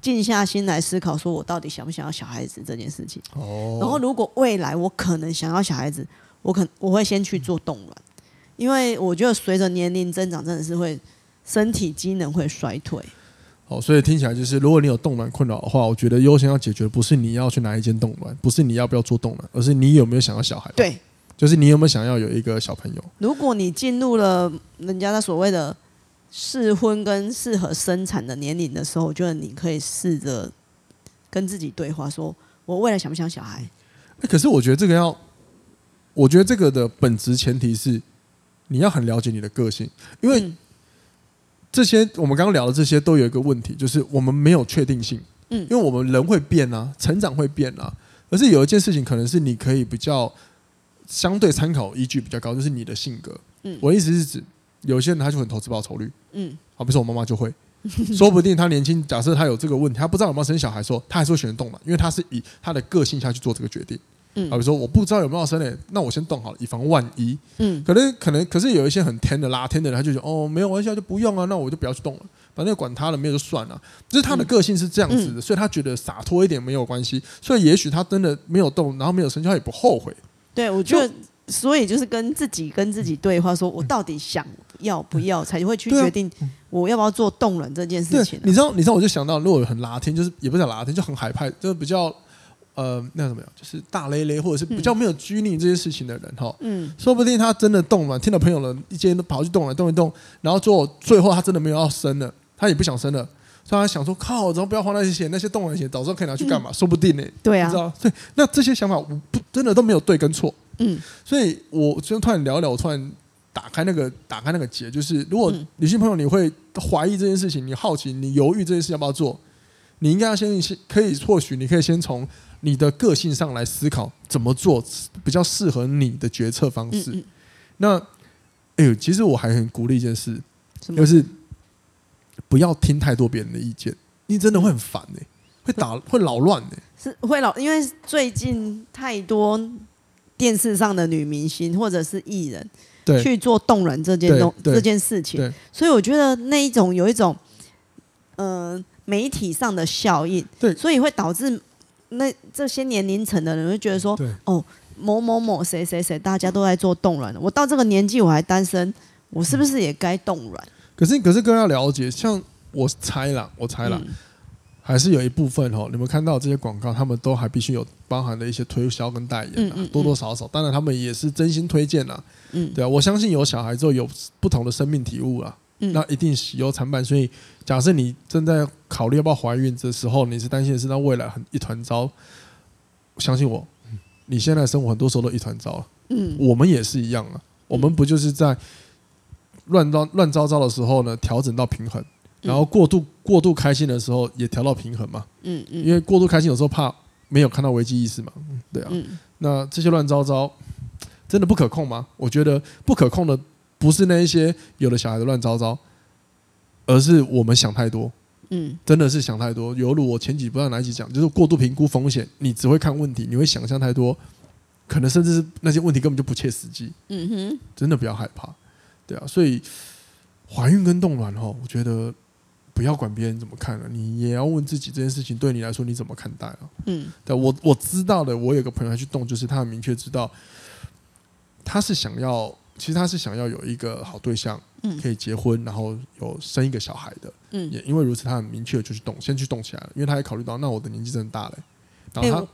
靜下心來思考，說我到底想不想要小孩子這件事情。哦，然後如果未來我可能想要小孩子，我可我會先去做凍卵，嗯，因為我覺得隨着年齡增長，真的是會身體機能會衰退。哦，所以聽起來就是，如果你有凍卵困擾的話，我覺得優先要解決的不是你要去哪一間凍卵，不是你要不要做凍卵，而是你有沒有想要小孩。對，就是你有沒有想要有一個小朋友。如果你進入了人家的所謂的適婚跟適合生產的年齡的時候，我覺得你可以試着跟自己對話說，說我未來想不想小孩？欸，可是我覺得這個要，我覺得這個的本質前提是你要很了解你的個性，因為。嗯這些我們剛剛聊的這些都有一個問題，就是我們沒有確定性，嗯，因為我們人會變啊，成長會變啊。可是有一件事情，可能是你可以比較相對參考依據比較高，就是你的性格。嗯，我意思是指有些人他就很投資報酬率，嗯，好，比如說我媽媽就會， 說不定她年輕，假設她有這個問題，她不知道有沒有生小孩說，說她還是會選擇動嘛，因為他是以他的個性下去做這個決定。嗯、比如說我不知道有沒有生嘞，欸，那我先凍好了，以防萬一。嗯，可能可能，可是有一些很天的拉天的人，他就說哦，沒有關係啊，就不用啊，那我就不要去凍了，反正管他了，沒有就算了，啊。就是他的個性是這樣子的，嗯嗯、所以他覺得灑脫一點沒有關係。所以也許他真的沒有凍，然後沒有成交，也不後悔。對，我覺得就所以就是跟自己跟自己對話說，說我到底想要不要，才會去決定我要不要做凍卵這件事情、啊啊嗯。你知道你知道，我就想到，如果很拉天，就是也不是很拉天，就很海派，就是比較。呃，那什麼呀？就是大雷雷，或者是比較沒有拘泥這件事情的人哈，嗯，說不定他真的凍了，聽到朋友了，一間都跑去凍了，凍一凍，然後做最後他真的沒有要生了，他也不想生了，所以他想說靠，然後不要花那些錢，那些凍了的錢，早知道可以拿去幹嘛？嗯、說不定呢、欸，對啊，你知道。所以，那這些想法，我不真的都沒有對跟錯，嗯，所以我就突然聊聊，我突然打開那個打開那個結，就是如果女性朋友你會懷疑這件事情，你好奇，你猶豫這件事要不要做，你應該要先先可以，或許你可以先從。你的個性上來思考怎麼做比較適合你的決策方式。嗯嗯、那哎呦、欸，其實我還很鼓勵一件事，就麼是不要聽太多別人的意見，你真的會很煩的、欸、會打是會擾亂的是會老，因為最近太多電視上的女明星或者是藝人去做凍卵這件東這件事情，對所以我覺得那一種有一種嗯、呃、媒體上的效應，對，所以會導致。那這些年齡層的人會覺得說，對哦，某某某誰誰誰，大家都在做凍卵，我到這個年紀我還單身，我是不是也該凍卵？嗯。可是，可是更要了解，像我猜啦，我猜啦，嗯、還是有一部分哦。你們看到這些廣告，他們都還必須有包含的一些推銷跟代言啊，多多少少。當然，他們也是真心推薦啦嗯，對啊，我相信有小孩之後有不同的生命體悟啦嗯，那一定是有慘敗，所以。假設你正在考慮要不要懷孕的時候，你是擔心的是他未來很一團糟。相信我，你現在的生活很多時候都一團糟了。嗯，我們也是一樣啊。我們不就是在亂糟亂糟糟的時候呢，調整到平衡，然後過度過度開心的時候也調到平衡嘛。嗯嗯。因為過度開心有時候怕沒有看到危機意識嘛。對啊。那這些亂糟糟真的不可控嗎？我覺得不可控的不是那一些有的小孩的亂糟糟。而是我們想太多，嗯，真的是想太多，猶如我前幾不知道哪一集講，就是過度評估風險，你只會看問題，你會想象太多，可能甚至是那些問題根本就不切實際，嗯哼，真的不要害怕，對啊，所以懷孕跟凍卵哈，我覺得不要管別人怎麼看了，你也要問自己這件事情對你來說你怎麼看待啊？嗯，但我我知道的，我有個朋友還去動，就是他很明確知道他是想要。其實他是想要有一個好對象，嗯，可以結婚，然後有生一個小孩的，嗯，也因為如此，他很明確的就去動，先去動起來了，因為他也考慮到，那我的年紀真的大了、欸，然後、欸、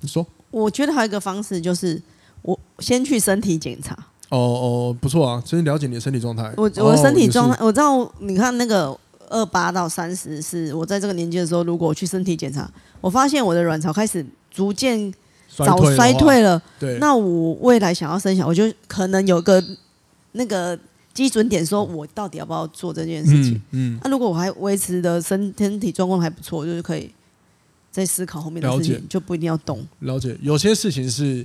你說，我覺得還有一個方式就是，我先去身體檢查，哦哦，不錯啊，就是了解你的身體狀態，我我的身體狀態，哦、是我知道，你看那個二八到三十，是我在這個年紀的時候，如果我去身體檢查，我發現我的卵巢開始逐漸。衰早衰退了，對那我未來想要生小孩，我就可能有個那個基準點，說我到底要不要做這件事情。嗯，那、嗯啊、如果我還維持的身體身體狀況還不錯，我就是可以再思考後面的事情，解就不一定要動。了解，有些事情是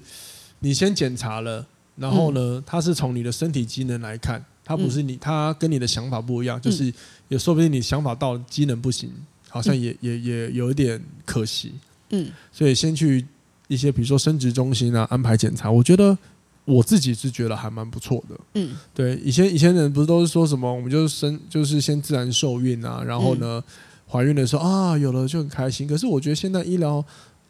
你先檢查了，然後呢，嗯、它是從你的身體機能來看，它不是你，嗯、它跟你的想法不一樣，就是也說不定你想法到機能不行，好像也、嗯、也也有一點可惜。嗯，所以先去。一些比如說生殖中心啊，安排檢查，我覺得我自己是覺得還蠻不錯的。嗯，對，以前以前人不是都是說什麼，我們就生就是先自然受孕啊，然後呢、嗯、懷孕的時候啊有了就很開心。可是我覺得現在醫療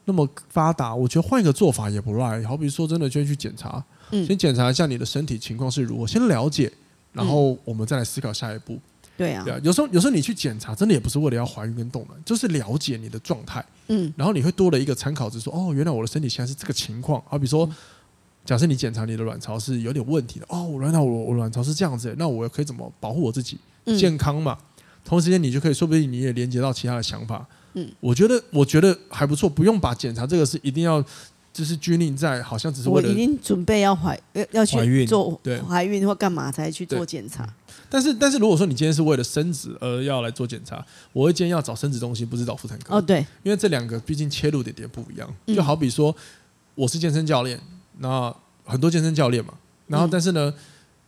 那麼發達，我覺得換一個做法也不賴。好比說真的，就去檢查，嗯、先檢查一下你的身體情況是如何，先了解，然後我們再來思考下一步。嗯對啊，對啊，有時候有時候你去檢查，真的也不是為了要懷孕跟凍卵，就是了解你的狀態。嗯，然後你會多了一個參考，就是說，哦，原來我的身體現在是這個情況。好比如說，假設你檢查你的卵巢是有點問題的，哦，我原來我我卵巢是這樣子，那我可以怎麼保護我自己、嗯、健康嘛？同時間你就可以，說不定你也連接到其他的想法。嗯，我覺得我覺得還不錯，不用把檢查這個是一定要就是拘泥在好像只是為了我已經準備要懷要、呃、要去懷孕做懷孕對或幹嘛才去做檢查。但是，但是如果說你今天是為了生殖而要來做檢查，我會建議要找生殖中心，不是找婦產科。哦，oh, 對，因為這兩個畢竟切入點點不一樣。嗯、就好比說，我是健身教練，那很多健身教練嘛，然後但是呢，嗯、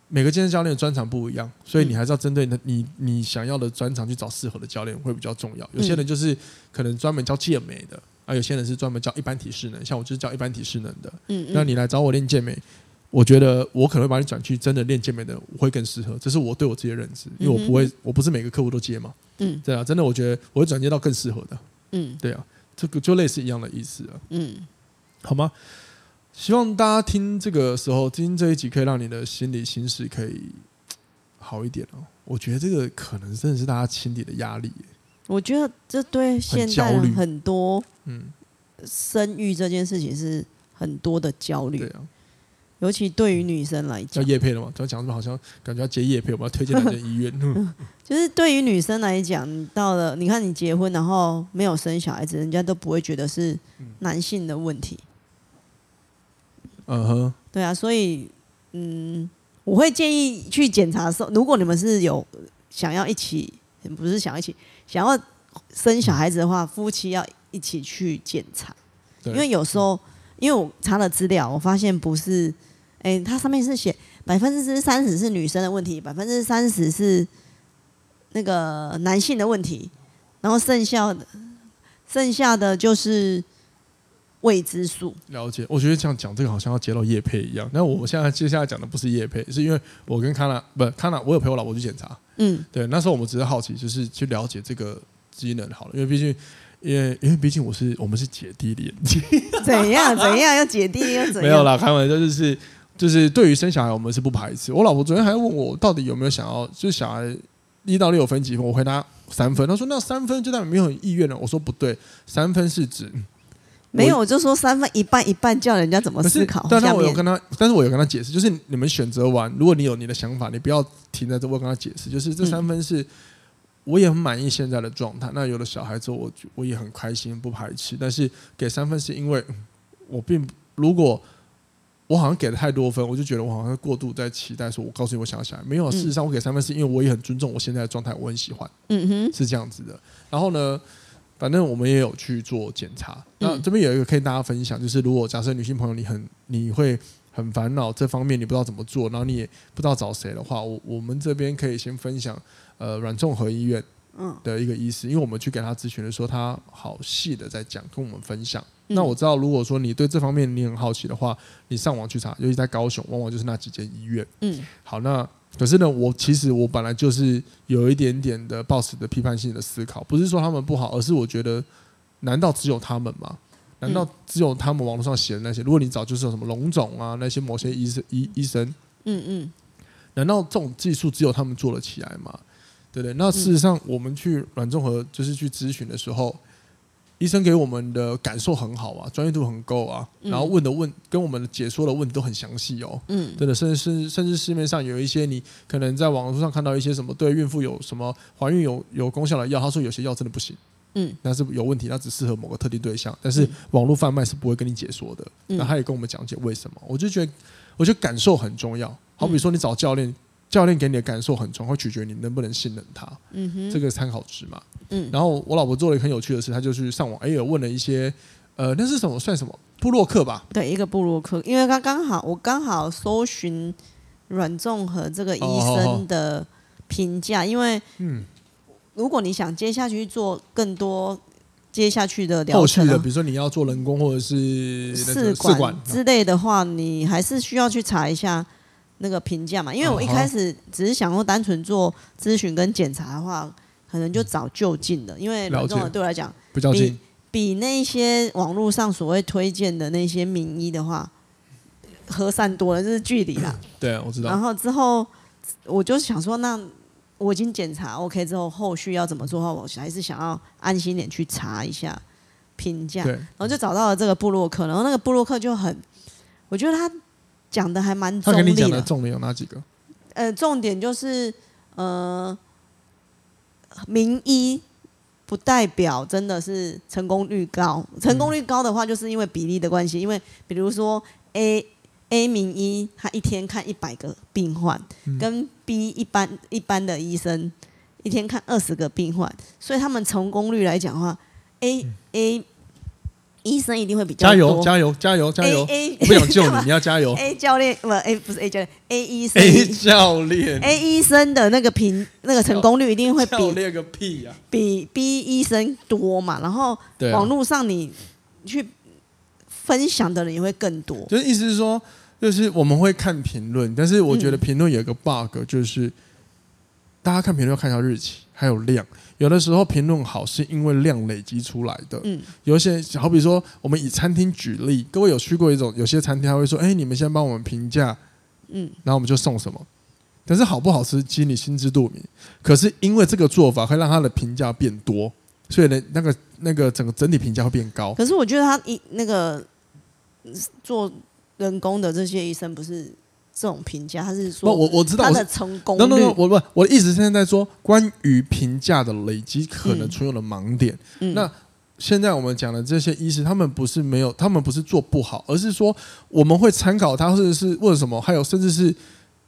每個健身教練的專長不一樣，所以你還是要針對你你想要的專長去找適合的教練會比較重要。有些人就是可能專門教健美的，嗯、啊，有些人是專門教一般體適能，像我就是教一般體適能的。嗯，嗯。那你來找我練健美。我覺得我可能會把你轉去真的練健美的，我會更適合。這是我對我自己的認知，因為我不會，嗯哼，我不是每個客戶都接嘛。嗯，對啊，真的，我覺得我會轉接到更適合的。嗯，對啊，這個就類似一樣的意思啊。嗯，好嗎？希望大家聽這個時候聽這一集，可以讓你的心理心事可以好一點哦。我覺得這個可能真的是大家心理的壓力。我覺得這對現在很多，嗯，生育這件事情是很多的焦慮。嗯，對啊尤其對於女生來講，要業配了嗎？他講說好像感覺要接業配，我要推薦你們醫院。 就是對於女生來講，到了你看你結婚然後沒有生小孩子，人家都不會覺得是男性的問題。嗯哼。Uh huh. 對啊，所以嗯，我會建議去檢查的時候，如果你們是有想要一起，不是想要一起想要生小孩子的話，嗯、夫妻要一起去檢查，對因為有時候因為我查了資料，我發現不是。哎，它上面是寫百分之三十是女生的問題，百分之三十是那個男性的問題，然後剩下的剩下的就是未知數。了解，我覺得這樣講這個好像要接到業配一樣。那我現在接下來講的不是業配，是因為我跟 Kana，不，Kana，我有陪我老婆去檢查。嗯，對，那時候我們只是好奇，就是去了解這個機能好了，因為畢竟，因為因為畢竟我是我們是姐弟戀 。怎樣怎樣又姐弟又怎樣？沒有啦，開玩笑就是。就是對於生小孩，我們是不排斥。我老婆昨天還問我，到底有沒有想要？就是小孩一到六分幾分？我回答三分。她說那三分就代表沒有意願了。我說不對，三分是指沒有，我就說三分一半一半，叫人家怎麼思考但？但是我有跟他，但是我有跟他解釋，就是你們選擇完，如果你有你的想法，你不要停在這。我有跟他解釋，就是這三分是我也很滿意現在的狀態。那有了小孩之後，我我也很開心，不排斥。但是給三分是因為我並不如果。我好像給了太多分，我就覺得我好像過度在期待，說，我告訴你，我想要沒有。事實上，我給三分是、嗯、因為我也很尊重我現在的狀態，我很喜歡。嗯哼，是這樣子的。然後呢，反正我們也有去做檢查。那這邊有一個可以跟大家分享，就是如果假設女性朋友你很，你會很煩惱這方面，你不知道怎麼做，然後你也不知道找誰的話，我我們這邊可以先分享，呃，軟綜合醫院。嗯、oh. 的一個醫師。因為我們去給他諮詢的時候，就是、說他好細的在講，跟我們分享。嗯、那我知道，如果說你對這方面你很好奇的話，你上網去查，尤其在高雄，往往就是那幾間醫院。嗯，好，那可是呢，我其實我本來就是有一點點的抱持的批判性的思考，不是說他們不好，而是我覺得，難道只有他們嗎？難道只有他們網絡上寫的那些？嗯、如果你找就是有什麼龍種啊，那些某些醫生醫醫生，嗯嗯，難道這種技術只有他們做了起來嗎？對對，那事實上，我們去阮綜合，就是去諮詢的時候，嗯、醫生給我們的感受很好啊，專業度很夠啊，嗯、然後問的問，跟我們解說的問題都很詳細哦。嗯，對的，甚至甚至甚至市面上有一些你可能在網絡上看到一些什麼對孕婦有什麼懷孕有有功效的藥，他說有些藥真的不行，嗯，那是有問題，那只適合某個特定對象，但是網絡販賣是不會跟你解說的，那、嗯、他也跟我們講解為什麼。我就覺得，我覺得感受很重要。好比說，你找教練。嗯教練給你的感受很重，會取決於你能不能信任他。嗯哼，這個參考值嘛。嗯，然後我老婆做了一個很有趣的事，她就去上網，哎呦、嗯，有問了一些，呃，那是什麼？算什麼？部落客吧？對，一個部落客，因為剛剛好，我剛好搜尋阮重和這個醫生的評價，因為哦哦哦嗯，如果你想接下去做更多接下去的了解、啊，後續的，比如說你要做人工或者是試管之類的話，後你還是需要去查一下。那個評價嘛，因為我一開始只是想說單純做諮詢跟檢查的話，可能就找就近的，因為那種對我來講，比比那些網絡上所謂推薦的那些名醫的話，和善多了，就是距離啦。 對、啊，我知道。然後之後我就想說，那我已經檢查 OK 之後，後續要怎麼做的話，我還是想要安心點去查一下評價，對然後就找到了這個部落客，然後那個部落客就很，我覺得他。講的，講的還蠻中立的。他跟你講的重點有哪幾個？呃，重點就是呃，名醫不代表真的是成功率高，成功率高的話，就是因為比例的關係。嗯、因為比如說，A A 名醫他一天看一百個病患，嗯、跟 B 一般一般的醫生一天看二十個病患，所以他們成功率來講的話，A A、嗯。醫生一定會比較加油，加油，加油，加油！不想救你， 你要加油。要要 A 教練不，A 不是 A 教練，A 醫生。A 教練，A 醫生的那個評那個成功率一定會比教練個屁啊，比 B 醫生多嘛。然後網絡上你去分享的人也會更多。就是意思是說，就是我們會看評論，但是我覺得評論有一個 bug，就是。大家看評論看一下日期，還有量。有的時候評論好是因為量累積出來的。嗯，有一些好比說，我們以餐廳舉例，各位有去過一種，有些餐廳他會說：“哎、欸，你們先幫我們評價，嗯，然後我們就送什麼。”但是好不好吃，經你心知肚明。可是因為這個做法會讓他的評價變多，所以呢，那個那個整個整體評價會變高。可是我覺得他一那個做人工的這些醫生不是。這種評價，他是說，我我知道他的成功率那那、no, no, no, 我不，我的意思現在在說，關於評價的累積可能出現的盲點。嗯嗯、那現在我們講的這些醫師，他們不是沒有，他們不是做不好，而是說我們會參考他，或者是為什麼？還有甚至是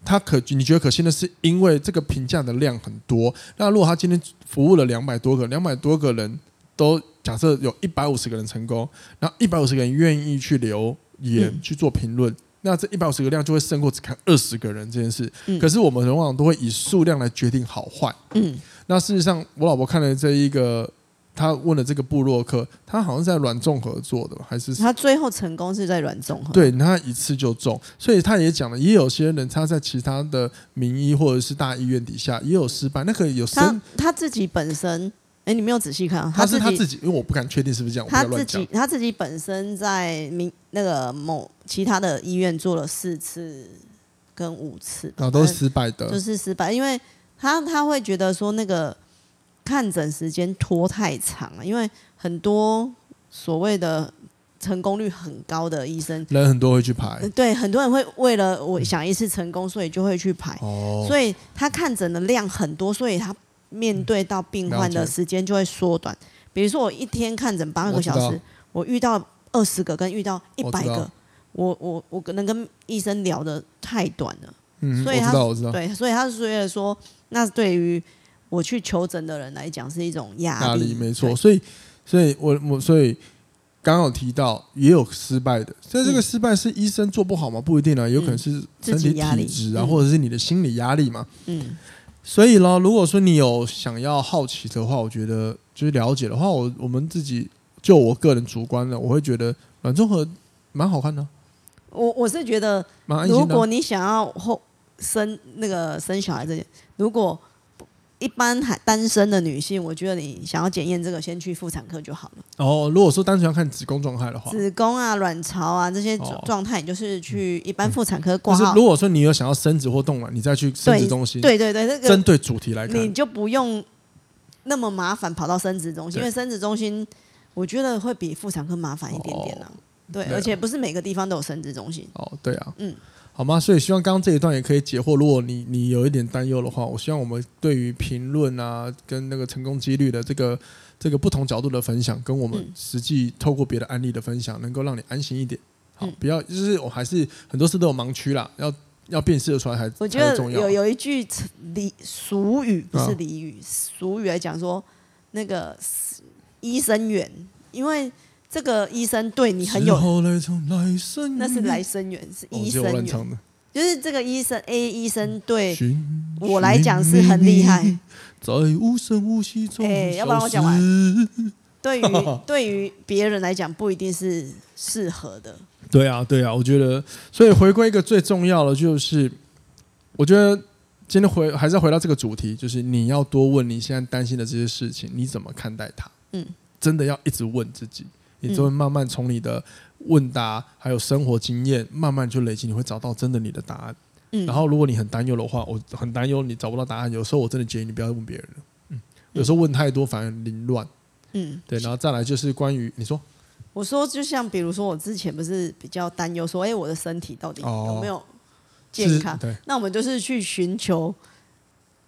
他可你覺得可信的是因為這個評價的量很多。那如果他今天服務了兩百多個，兩百多個人都假設有一百五十個人成功，然後一百五十個人願意去留言、嗯、去做評論。那這一百五十個量就會勝過只看二十個人這件事。嗯、可是我們往往都會以數量來決定好壞。嗯，那事實上，我老婆看了這一個，他問了這個部落客，他好像在軟綜合做的吧？還是他最後成功是在軟綜合？對，他一次就中，所以他也講了，也有些人他在其他的名醫或者是大醫院底下也有失敗，那可能有他他自己本身，哎、欸，你沒有仔細看，啊，他是他自己，因為我不敢確定是不是這樣，我在亂講。他自己，他自己本身在名那個某。其他的醫院做了四次跟五次，哦、都是失敗的，就是失敗，因為他他會覺得說那個看診時間拖太長了，因為很多所謂的成功率很高的醫生，人很多會去排，對，很多人會為了我想一次成功，嗯、所以就會去排，哦、所以他看診的量很多，所以他面對到病患的時間就會縮短。嗯、比如說我一天看診八個小時，我，我遇到二十個跟遇到一百個。我我我可能跟醫生聊得太短了，嗯，所以他對，所以他是為了說，那對於我去求診的人來講是一種壓力，壓力沒錯。所以對所以，所以我我所以剛好提到也有失敗的，所以這個失敗是醫生做不好嗎？不一定啊，有可能是身體體質啊，嗯、或者是你的心理壓力嘛。嗯，所以呢，如果說你有想要好奇的話，我覺得就是了解的話，我我們自己就我個人主觀的，我會覺得軟綜合蠻好看的。我我是覺得，如果你想要後生那個生小孩這些，如果一般還單身的女性，我覺得你想要檢驗這個，先去婦產科就好了。哦，如果說單純要看子宮狀態的話，子宮啊、卵巢啊這些狀態，哦、你就是去一般婦產科掛號。嗯、是如果說你有想要生殖或凍卵，啊，你再去生殖中心。對，對對對，那個、針對主題來看，你就不用那麼麻煩跑到生殖中心，對因為生殖中心我覺得會比婦產科麻煩一點點呢，啊。哦對，對啊、而且不是每個地方都有生殖中心。哦，對啊，嗯，好嗎？所以希望剛剛這一段也可以解惑。如果你你有一點擔憂的話，我希望我們對於評論啊，跟那個成功幾率的這個這個不同角度的分享，跟我們實際、嗯、透過別的案例的分享，能夠讓你安心一點，好，嗯、不要就是我還是很多事都有盲區啦，要要辨識得出來還我覺得是重要、啊、有有一句俚俗語不是俚語、啊、俗語來講說那個醫生緣，因為。這個醫生對你很有，那是來生緣，哦、是醫生緣就是這個醫生 A 醫生對我來講是很厲害。在無聲無息中，哎、欸，要不然我講完。 對於對於別人來講，不一定是適合的。 對啊，對啊，我覺得。所以回歸一個最重要的，就是我覺得今天回還是要回到這個主題，就是你要多問你現在擔心的這些事情，你怎麼看待它？嗯，真的要一直問自己。你就會慢慢從你的問答、嗯、還有生活經驗慢慢去累積，你會找到真的你的答案。嗯，然後如果你很擔憂的話，我很擔憂你找不到答案。有時候我真的建議你不要問別人，嗯，嗯、有時候問太多反而凌亂，嗯，對。然後再來就是關於你說，我說就像比如說我之前不是比較擔憂說，哎，我的身體到底有沒有健康？哦、對，那我們就是去尋求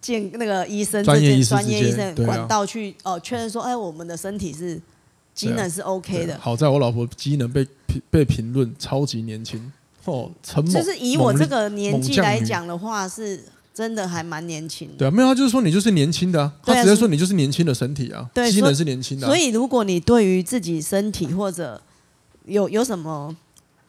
健那個醫生專業專業醫生管道去、啊、哦確認說，哎，我們的身體是。機能是 OK 的、啊啊，好在我老婆機能被評被評論超級年輕哦。Oh, 某就是以我這個年紀來講的話，是真的還蠻年輕的。對啊，沒有，他就是說你就是年輕的、啊，啊、他直接說你就是年輕的身體啊，對、啊、機能是年輕的、啊。所以如果你對於自己身體或者有有什麼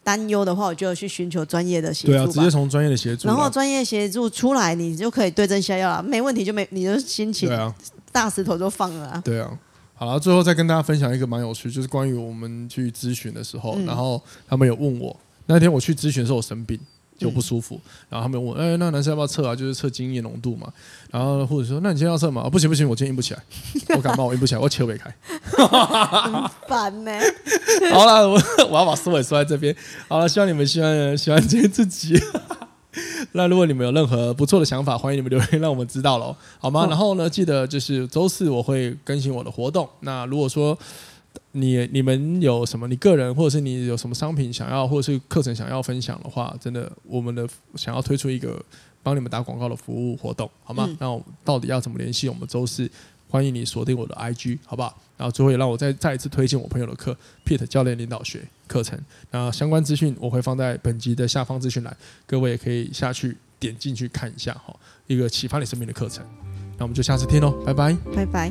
擔憂的話，我就要去尋求專業的協助吧。對啊，直接從專業的協助，然後專業協助出來，你就可以對症下藥了，沒問題就沒，你的心情對、啊、大石頭就放了啊。對啊。好了，最後再跟大家分享一個蠻有趣，就是關於我們去諮詢的時候，嗯、然後他們有問我，那天我去諮詢的時候我，我生病就不舒服，嗯、然後他們問我，哎、欸，那男生要不要測啊？就是測精液濃度嘛。然後護士說，那你今天要測嗎、啊？不行不行，我今天硬不， 不起來，我感冒我硬不起來，我切回開，很煩。好了，我我要把思維收在這邊。好了，希望你們喜歡喜歡今天這集。 那如果你們有任何不錯的想法，歡迎你們留言讓我們知道嘍，好嗎？然後呢，記得就是周四我會更新我的活動。那如果說你你們有什麼，你個人或者是你有什麼商品想要，或是課程想要分享的話，真的，我們的想要推出一個幫你們打廣告的服務活動，好嗎？嗯、那我到底要怎麼聯繫我們周四？歡迎你鎖定我的 IG，好不好？然後最後也讓我再再一次推薦我朋友的課，Pitt 教練領導學課程。那相關資訊我會放在本集的下方資訊欄，各位也可以下去點進去看一下好，一個啟發你生命的課程。那我們就下次聽嘍，拜拜，拜拜。